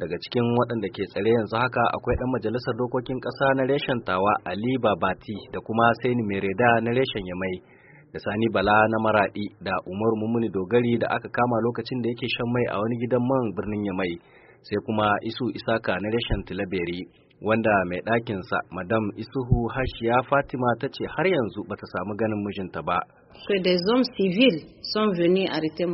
daga cikin waɗanda ke tsare yanzu haka akwai ɗan majalisar dokokin ƙasa na reshen tawa ali babati da kuma saini mereda na reshen yamai da sani bala na maraɗi da umar mummuni dogari da aka kama lokacin da yake shan mai a wani gidan man birnin yamai sai kuma isu isaka na reshen tilaberi wanda mai ɗakinsa madam isuhu hashiya fatima ta ce har yanzu bata samu ganin mijinta ba. Que des hommes civils sont venus arrêter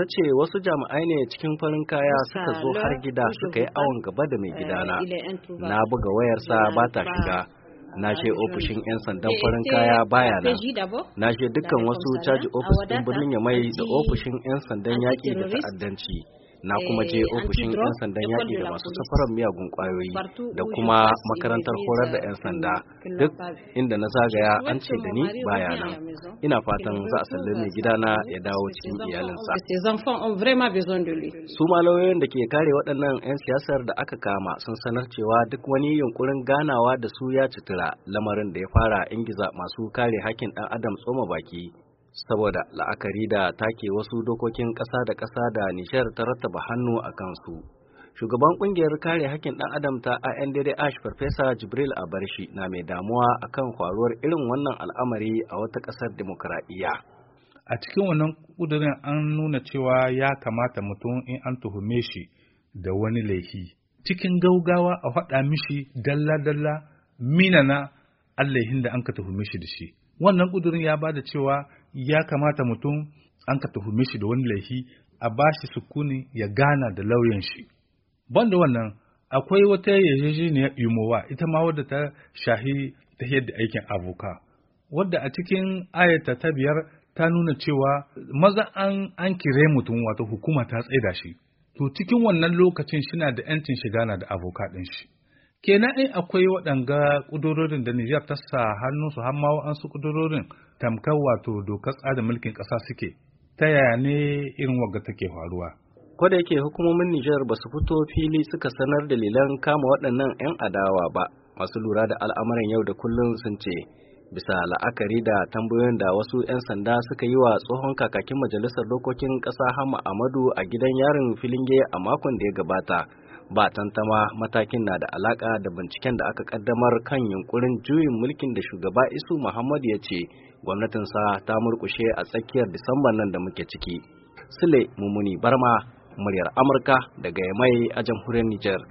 ta ce wasu jami'ai ne cikin farin kaya suka zo har gida suka yi awon gaba da mai eh, gidana na buga wayarsa ba ta shiga na ce ofishin 'yan sandan eh, farin eh, kaya baya na na ce dukkan wasu caji ofis din birnin ya mai da ofishin 'yan sandan yaƙi da ta'addanci na kuma je eh, ofishin 'yan sandan yaƙi da masu safarar miyagun ƙwayoyi da kuma makarantar horar da 'yan sanda duk inda na zagaya an ce da ni baya nan ina fatan za a sallame gidana ya dawo cikin iyalinsa su da ke kare waɗannan 'yan siyasar da aka kama sun sanar cewa duk wani yunkurin ganawa da su ya citira lamarin da ya fara ingiza masu kare hakkin ɗan adam tsoma baki saboda la'akari da take wasu dokokin ƙasa da ƙasa da nishar ta rattaba hannu a kansu. Shugaban ƙungiyar kare hakkin ɗan adam ta INDD Ash Farfesa Jibril Abarshi na mai damuwa akan faruwar irin wannan al'amari a wata ƙasar demokuraɗiyya. A cikin wannan kudurin an nuna cewa ya kamata mutum in an tuhume shi da wani laifi. Cikin gaugawa a faɗa mishi dalla-dalla minana allahin da an ka tuhume shi da shi. Wannan kudurin ya bada cewa ya kamata mutum an ka tuhume shi da wani laifi a ba shi sukuni ya gana da lauyan shi ban da wannan akwai wata yarjejeniyar yumowa ita ma wadda ta shahi ta yadda aikin aboka wadda a cikin ayata ta biyar ta nuna cewa maza an an kire mutum wato hukuma ta tsaida shi to cikin wannan lokacin shina da 'yancin shiga na da aboka ɗin shi kenan ai akwai waɗanga ƙudurorin da Nijar ta sa hannu su hamma wa'ansu ƙudurorin tamkar wato dokar tsarin mulkin ƙasa suke ta yaya ne irin wagga take faruwa. Ko da yake hukumomin Nijar ba su fito fili suka sanar da dalilan kama waɗannan 'yan adawa ba masu lura da al'amuran yau da kullun sun ce bisa la'akari da tambayoyin da wasu 'yan sanda suka yi wa tsohon kakakin majalisar dokokin ƙasa Hama Amadu a gidan yarin Filinge a makon da ya gabata. ba tantama matakin na da alaka da binciken da aka kaddamar kan yunkurin juyin mulkin da shugaba isu muhammad ya ce gwamnatinsa ta murkushe a tsakiyar disamban nan da muke ciki sule mumuni barma muryar amurka daga yamai a jamhuriyar niger